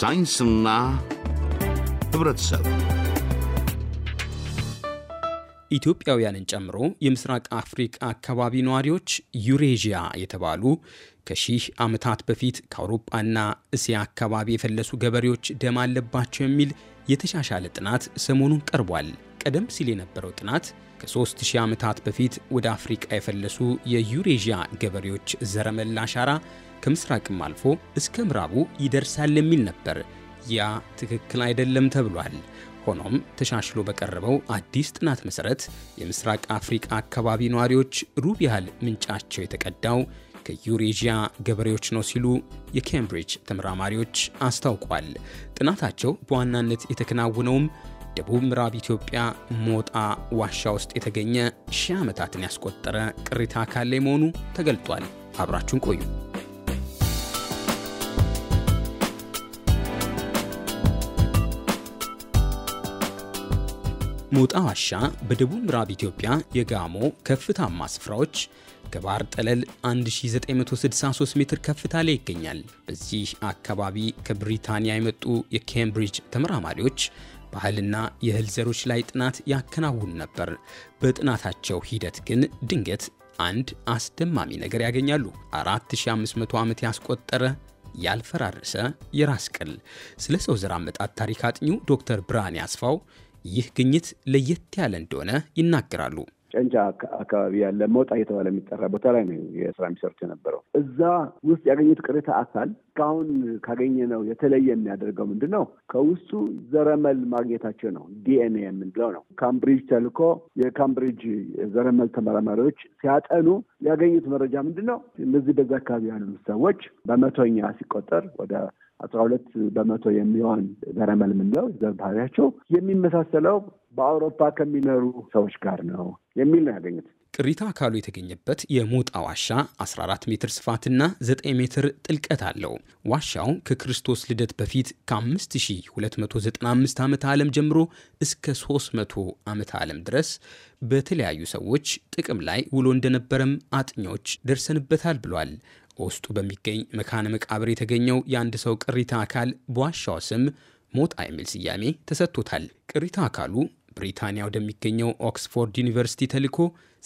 ሳይንስና ህብረተሰብ ኢትዮጵያውያንን ጨምሮ የምስራቅ አፍሪቃ አካባቢ ነዋሪዎች ዩሬዥያ የተባሉ ከሺህ ዓመታት በፊት ከአውሮጳና እስያ አካባቢ የፈለሱ ገበሬዎች ደም አለባቸው የሚል የተሻሻለ ጥናት ሰሞኑን ቀርቧል። ቀደም ሲል የነበረው ጥናት ከ3000 ዓመታት በፊት ወደ አፍሪቃ የፈለሱ የዩሬዥያ ገበሬዎች ዘረመል አሻራ ከምስራቅም አልፎ እስከ ምዕራቡ ይደርሳል የሚል ነበር። ያ ትክክል አይደለም ተብሏል። ሆኖም ተሻሽሎ በቀረበው አዲስ ጥናት መሠረት የምስራቅ አፍሪቃ አካባቢ ነዋሪዎች ሩብ ያህል ምንጫቸው የተቀዳው ከዩሬዥያ ገበሬዎች ነው ሲሉ የኬምብሪጅ ተመራማሪዎች አስታውቋል። ጥናታቸው በዋናነት የተከናወነውም ደቡብ ምዕራብ ኢትዮጵያ ሞጣ ዋሻ ውስጥ የተገኘ ሺህ ዓመታትን ያስቆጠረ ቅሪተ አካል ላይ መሆኑ ተገልጧል። አብራችሁን ቆዩ። ሞጣ ዋሻ በደቡብ ምዕራብ ኢትዮጵያ የጋሞ ከፍታማ ስፍራዎች ከባህር ጠለል 1963 ሜትር ከፍታ ላይ ይገኛል። በዚህ አካባቢ ከብሪታንያ የመጡ የኬምብሪጅ ተመራማሪዎች ባህልና የእህል ዘሮች ላይ ጥናት ያከናውን ነበር። በጥናታቸው ሂደት ግን ድንገት አንድ አስደማሚ ነገር ያገኛሉ። 4500 ዓመት ያስቆጠረ ያልፈራረሰ የራስ ቅል። ስለ ሰው ዘር አመጣት ታሪክ አጥኚው ዶክተር ብርሃኔ አስፋው ይህ ግኝት ለየት ያለ እንደሆነ ይናገራሉ። ጨንቻ አካባቢ ያለ መውጣ እየተባለ የሚጠራ ቦታ ላይ ነው የስራ የሚሰሩት የነበረው። እዛ ውስጥ ያገኙት ቅሬታ አካል እስካሁን ካገኘነው የተለየ የሚያደርገው ምንድን ነው? ከውስጡ ዘረመል ማግኘታቸው ነው። ዲኤንኤ የምንለው ነው። ካምብሪጅ ተልኮ የካምብሪጅ ዘረመል ተመራማሪዎች ሲያጠኑ ያገኙት መረጃ ምንድን ነው? እነዚህ በዛ አካባቢ ያሉ ሰዎች በመቶኛ ሲቆጠር ወደ አስራ ሁለት በመቶ የሚሆን ዘረመል የምንለው ዘር ባህሪያቸው የሚመሳሰለው በአውሮፓ ከሚኖሩ ሰዎች ጋር ነው የሚል ነው ያገኙት። ቅሪታ አካሉ የተገኘበት የሞጣ ዋሻ 14 ሜትር ስፋትና 9 ሜትር ጥልቀት አለው። ዋሻው ከክርስቶስ ልደት በፊት ከ5295 ዓመተ ዓለም ጀምሮ እስከ 300 ዓመተ ዓለም ድረስ በተለያዩ ሰዎች ጥቅም ላይ ውሎ እንደነበረም አጥኞች ደርሰንበታል ብሏል። በውስጡ በሚገኝ መካነ መቃብር የተገኘው የአንድ ሰው ቅሪተ አካል በዋሻው ስም ሞጣ የሚል ስያሜ ተሰጥቶታል። ቅሪተ አካሉ ብሪታንያ ወደሚገኘው ኦክስፎርድ ዩኒቨርሲቲ ተልኮ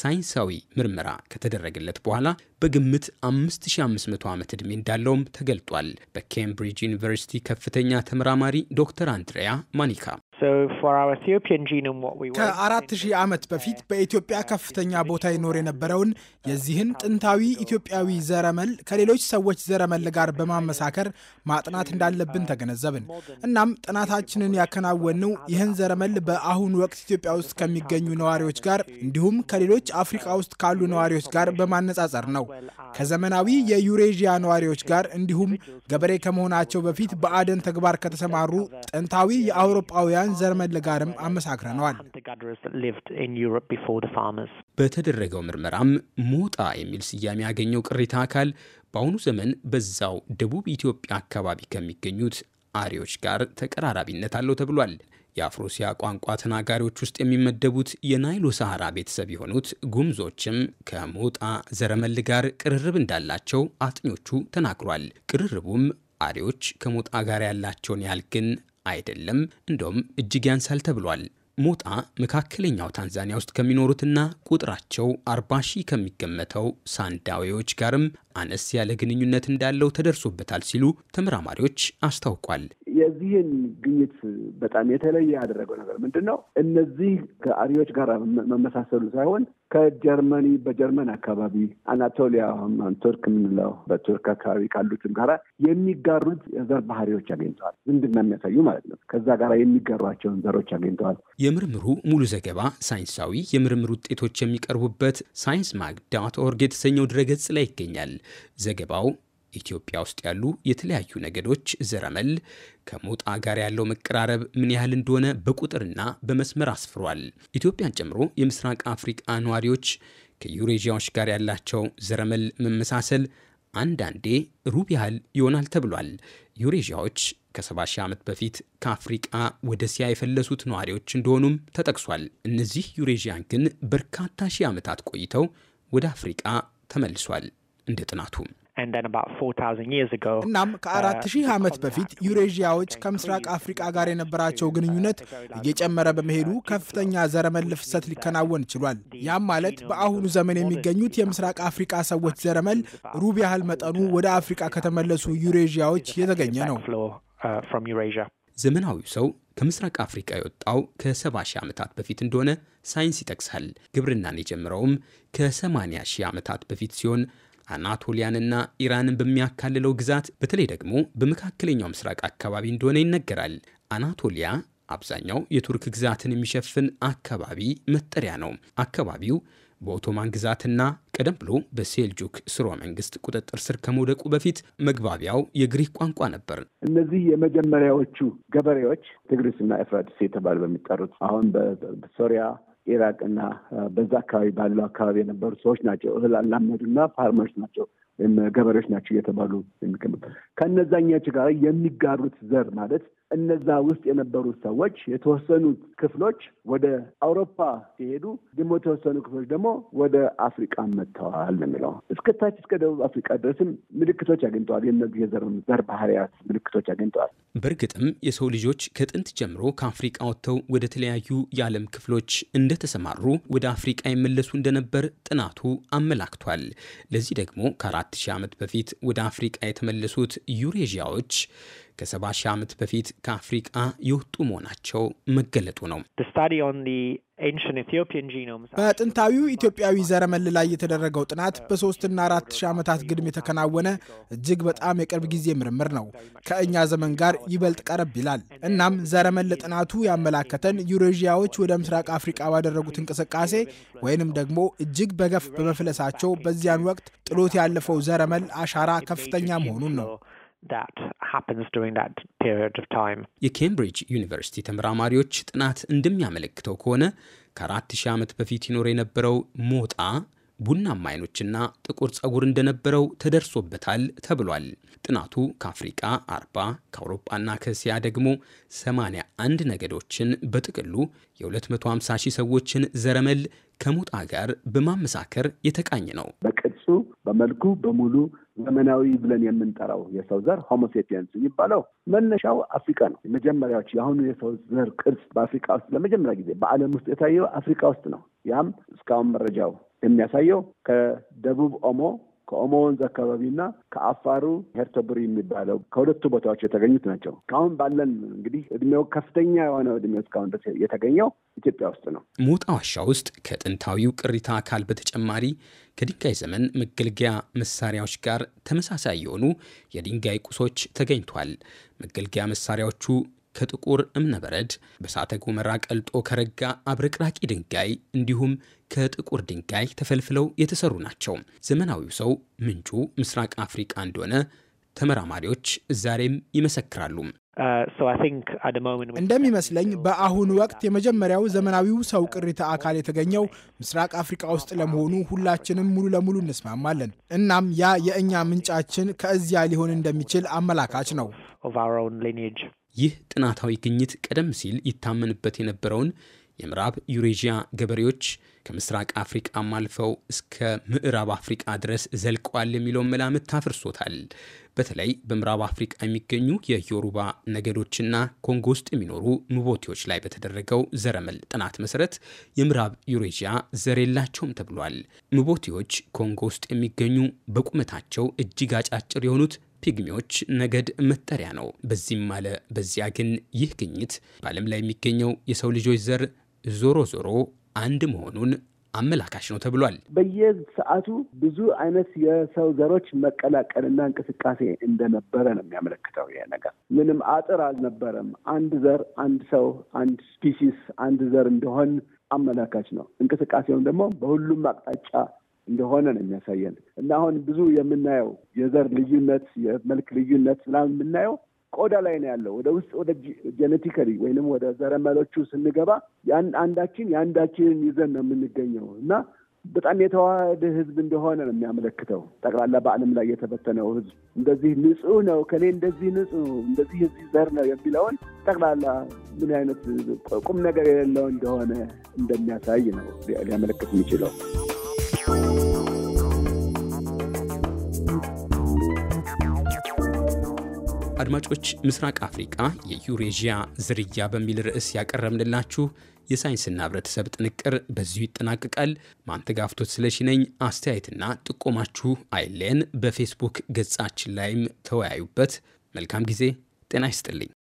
ሳይንሳዊ ምርመራ ከተደረገለት በኋላ በግምት 5500 ዓመት ዕድሜ እንዳለውም ተገልጧል። በኬምብሪጅ ዩኒቨርሲቲ ከፍተኛ ተመራማሪ ዶክተር አንድሪያ ማኒካ ከአራት ሺህ ዓመት በፊት በኢትዮጵያ ከፍተኛ ቦታ ይኖር የነበረውን የዚህን ጥንታዊ ኢትዮጵያዊ ዘረመል ከሌሎች ሰዎች ዘረመል ጋር በማመሳከር ማጥናት እንዳለብን ተገነዘብን። እናም ጥናታችንን ያከናወንነው ይህን ዘረመል በአሁኑ ወቅት ኢትዮጵያ ውስጥ ከሚገኙ ነዋሪዎች ጋር እንዲሁም ከሌሎች አፍሪካ ውስጥ ካሉ ነዋሪዎች ጋር በማነጻጸር ነው። ከዘመናዊ የዩሬዥያ ነዋሪዎች ጋር እንዲሁም ገበሬ ከመሆናቸው በፊት በአደን ተግባር ከተሰማሩ ጥንታዊ የአውሮፓውያን ከፈረንሳውያን ዘርመል ጋርም አመሳክረነዋል። በተደረገው ምርመራም ሞጣ የሚል ስያሜ ያገኘው ቅሪታ አካል በአሁኑ ዘመን በዛው ደቡብ ኢትዮጵያ አካባቢ ከሚገኙት አሪዎች ጋር ተቀራራቢነት አለው ተብሏል። የአፍሮሲያ ቋንቋ ተናጋሪዎች ውስጥ የሚመደቡት የናይሎ ሳሃራ ቤተሰብ የሆኑት ጉምዞችም ከሞጣ ዘረመል ጋር ቅርርብ እንዳላቸው አጥኞቹ ተናግሯል። ቅርርቡም አሪዎች ከሞጣ ጋር ያላቸውን ያህል ግን አይደለም፣ እንደውም እጅግ ያንሳል ተብሏል። ሞጣ መካከለኛው ታንዛኒያ ውስጥ ከሚኖሩትና ቁጥራቸው 40 ሺህ ከሚገመተው ሳንዳዌዎች ጋርም አነስ ያለ ግንኙነት እንዳለው ተደርሶበታል ሲሉ ተመራማሪዎች አስታውቋል። የዚህን ግኝት በጣም የተለየ ያደረገው ነገር ምንድን ነው? እነዚህ ከአሪዎች ጋር መመሳሰሉ ሳይሆን ከጀርመኒ በጀርመን አካባቢ አናቶሊያ ቱርክ የምንለው በቱርክ አካባቢ ካሉትም ጋራ የሚጋሩት የዘር ባህሪዎች አግኝተዋል። ዝምድና የሚያሳዩ ማለት ነው። ከዛ ጋር የሚጋሯቸውን ዘሮች አግኝተዋል። የምርምሩ ሙሉ ዘገባ ሳይንሳዊ የምርምር ውጤቶች የሚቀርቡበት ሳይንስ ማግ ዳት ኦርግ የተሰኘው ድረገጽ ላይ ይገኛል። ዘገባው ኢትዮጵያ ውስጥ ያሉ የተለያዩ ነገዶች ዘረመል ከሞጣ ጋር ያለው መቀራረብ ምን ያህል እንደሆነ በቁጥርና በመስመር አስፍሯል። ኢትዮጵያን ጨምሮ የምስራቅ አፍሪቃ ነዋሪዎች ከዩሬዥያዎች ጋር ያላቸው ዘረመል መመሳሰል አንዳንዴ ሩብ ያህል ይሆናል ተብሏል። ዩሬዥያዎች ከ70 ሺህ ዓመት በፊት ከአፍሪቃ ወደ እስያ የፈለሱት ነዋሪዎች እንደሆኑም ተጠቅሷል። እነዚህ ዩሬዥያን ግን በርካታ ሺህ ዓመታት ቆይተው ወደ አፍሪቃ ተመልሷል። እንደ ጥናቱ እናም uh, ከአራት ሺህ ዓመት በፊት ዩሬዥያዎች ከምስራቅ አፍሪቃ ጋር የነበራቸው ግንኙነት እየጨመረ በመሄዱ ከፍተኛ ዘረመል ፍሰት ሊከናወን ችሏል። ያም ማለት በአሁኑ ዘመን የሚገኙት የምስራቅ አፍሪቃ ሰዎች ዘረመል ሩብ ያህል መጠኑ ወደ አፍሪቃ ከተመለሱ ዩሬዥያዎች የተገኘ ነው። uh, ዘመናዊው ሰው ከምስራቅ አፍሪቃ የወጣው ከ70 ሺህ ዓመታት በፊት እንደሆነ ሳይንስ ይጠቅሳል። ግብርናን የጀምረውም ከ80 ሺህ ዓመታት በፊት ሲሆን አናቶሊያንና ኢራንን በሚያካልለው ግዛት በተለይ ደግሞ በመካከለኛው ምስራቅ አካባቢ እንደሆነ ይነገራል። አናቶሊያ አብዛኛው የቱርክ ግዛትን የሚሸፍን አካባቢ መጠሪያ ነው። አካባቢው በኦቶማን ግዛትና ቀደም ብሎ በሴልጁክ ስሮ መንግስት ቁጥጥር ስር ከመውደቁ በፊት መግባቢያው የግሪክ ቋንቋ ነበር። እነዚህ የመጀመሪያዎቹ ገበሬዎች ትግሪስና ኤፍራዲስ የተባሉ በሚጠሩት አሁን በሶሪያ ኢራቅና በዛ አካባቢ ባሉ አካባቢ የነበሩ ሰዎች ናቸው። እህል አላመዱና ፋርመርስ ናቸው ወይም ገበሬዎች ናቸው እየተባሉ የሚቀመጡ ጋር የሚጋሩት ዘር ማለት እነዛ ውስጥ የነበሩት ሰዎች የተወሰኑት ክፍሎች ወደ አውሮፓ ሲሄዱ፣ ደግሞ የተወሰኑ ክፍሎች ደግሞ ወደ አፍሪቃ መጥተዋል ነው የሚለው። እስከ ታች እስከ ደቡብ አፍሪቃ ድረስም ምልክቶች አግኝተዋል። የነዚህ የዘር ባህሪያት ምልክቶች አግኝተዋል። በእርግጥም የሰው ልጆች ከጥንት ጀምሮ ከአፍሪቃ ወጥተው ወደ ተለያዩ የዓለም ክፍሎች እንደተሰማሩ ወደ አፍሪቃ የመለሱ እንደነበር ጥናቱ አመላክቷል። ለዚህ ደግሞ ከአራት ሺህ ዓመት በፊት ወደ አፍሪቃ የተመለሱት ዩሬዥያዎች ከ70 ሺህ ዓመት በፊት ከአፍሪቃ የወጡ መሆናቸው መገለጡ ነው። በጥንታዊው ኢትዮጵያዊ ዘረመል ላይ የተደረገው ጥናት በሶስትና አራት ሺህ ዓመታት ግድም የተከናወነ እጅግ በጣም የቅርብ ጊዜ ምርምር ነው። ከእኛ ዘመን ጋር ይበልጥ ቀረብ ይላል። እናም ዘረመል ጥናቱ ያመላከተን ዩሬዥያዎች ወደ ምስራቅ አፍሪቃ ባደረጉት እንቅስቃሴ ወይንም ደግሞ እጅግ በገፍ በመፍለሳቸው በዚያን ወቅት ጥሎት ያለፈው ዘረመል አሻራ ከፍተኛ መሆኑን ነው። that happens during that period of time. የኬምብሪጅ ዩኒቨርሲቲ ተመራማሪዎች ጥናት እንደሚያመለክተው ከሆነ ከአራት ሺህ ዓመት በፊት ይኖር የነበረው ሞጣ ቡናማ አይኖችና ጥቁር ጸጉር እንደነበረው ተደርሶበታል ተብሏል። ጥናቱ ከአፍሪቃ አርባ ከአውሮፓና ከእስያ ደግሞ 81 ነገዶችን በጥቅሉ የ250 ሺህ ሰዎችን ዘረመል ከሙጣ ጋር በማመሳከር የተቃኘ ነው። በቅርጹ በመልኩ በሙሉ ዘመናዊ ብለን የምንጠራው የሰው ዘር ሆሞሴፒየንስ የሚባለው መነሻው አፍሪካ ነው። መጀመሪያዎች የአሁኑ የሰው ዘር ቅርጽ በአፍሪካ ውስጥ ለመጀመሪያ ጊዜ በዓለም ውስጥ የታየው አፍሪካ ውስጥ ነው። ያም እስካሁን መረጃው የሚያሳየው ከደቡብ ኦሞ ከኦሞ ወንዝ አካባቢና ከአፋሩ ሄርቶብሪ የሚባለው ከሁለቱ ቦታዎች የተገኙት ናቸው። እስካሁን ባለን እንግዲህ እድሜው ከፍተኛ የሆነ እድሜ እስካሁን ድረስ የተገኘው ኢትዮጵያ ውስጥ ነው። ሞጣ ዋሻ ውስጥ ከጥንታዊው ቅሪታ አካል በተጨማሪ ከድንጋይ ዘመን መገልገያ መሳሪያዎች ጋር ተመሳሳይ የሆኑ የድንጋይ ቁሶች ተገኝቷል። መገልገያ መሳሪያዎቹ ከጥቁር እብነበረድ በእሳተ ገሞራ ቀልጦ ከረጋ አብረቅራቂ ድንጋይ እንዲሁም ከጥቁር ድንጋይ ተፈልፍለው የተሰሩ ናቸው። ዘመናዊው ሰው ምንጩ ምስራቅ አፍሪቃ እንደሆነ ተመራማሪዎች ዛሬም ይመሰክራሉ። እንደሚመስለኝ በአሁኑ ወቅት የመጀመሪያው ዘመናዊው ሰው ቅሪተ አካል የተገኘው ምስራቅ አፍሪካ ውስጥ ለመሆኑ ሁላችንም ሙሉ ለሙሉ እንስማማለን። እናም ያ የእኛ ምንጫችን ከዚያ ሊሆን እንደሚችል አመላካች ነው። ይህ ጥናታዊ ግኝት ቀደም ሲል ይታመንበት የነበረውን የምዕራብ ዩሬዥያ ገበሬዎች ከምስራቅ አፍሪቃም አልፈው እስከ ምዕራብ አፍሪቃ ድረስ ዘልቀዋል የሚለውን መላምት ታፍርሶታል። በተለይ በምዕራብ አፍሪቃ የሚገኙ የዮሩባ ነገዶችና ኮንጎ ውስጥ የሚኖሩ ምቦቴዎች ላይ በተደረገው ዘረመል ጥናት መሰረት የምዕራብ ዩሬዥያ ዘር የላቸውም ተብሏል። ምቦቴዎች ኮንጎ ውስጥ የሚገኙ በቁመታቸው እጅግ አጫጭር የሆኑት ፒግሚዎች ነገድ መጠሪያ ነው። በዚህም አለ በዚያ ግን ይህ ግኝት በዓለም ላይ የሚገኘው የሰው ልጆች ዘር ዞሮ ዞሮ አንድ መሆኑን አመላካሽ ነው ተብሏል። በየሰዓቱ ብዙ አይነት የሰው ዘሮች መቀላቀልና እንቅስቃሴ እንደነበረ ነው የሚያመለክተው። ይሄ ነገር ምንም አጥር አልነበረም። አንድ ዘር፣ አንድ ሰው፣ አንድ ስፒሲስ፣ አንድ ዘር እንደሆን አመላካች ነው። እንቅስቃሴውም ደግሞ በሁሉም አቅጣጫ እንደሆነ ነው የሚያሳየን እና አሁን ብዙ የምናየው የዘር ልዩነት፣ የመልክ ልዩነት ምናምን የምናየው ቆዳ ላይ ነው ያለው። ወደ ውስጥ ወደ ጄኔቲካሊ ወይንም ወደ ዘረመሎቹ ስንገባ አንዳችን የአንዳችንን ይዘን ነው የምንገኘው እና በጣም የተዋሃደ ህዝብ እንደሆነ ነው የሚያመለክተው። ጠቅላላ በዓለም ላይ የተበተነው ህዝብ እንደዚህ ንጹህ ነው ከኔ እንደዚህ ንጹህ እንደዚህ እዚህ ዘር ነው የሚለውን ጠቅላላ ምን አይነት ቁም ነገር የሌለው እንደሆነ እንደሚያሳይ ነው ሊያመለክት የሚችለው። አድማጮች፣ ምስራቅ አፍሪቃ የዩሬዥያ ዝርያ በሚል ርዕስ ያቀረብንላችሁ የሳይንስና ህብረተሰብ ጥንቅር በዚሁ ይጠናቀቃል። ማንተጋፍቶት ስለሺ ነኝ። አስተያየትና ጥቆማችሁ አይለን በፌስቡክ ገጻችን ላይም ተወያዩበት። መልካም ጊዜ። ጤና ይስጥልኝ።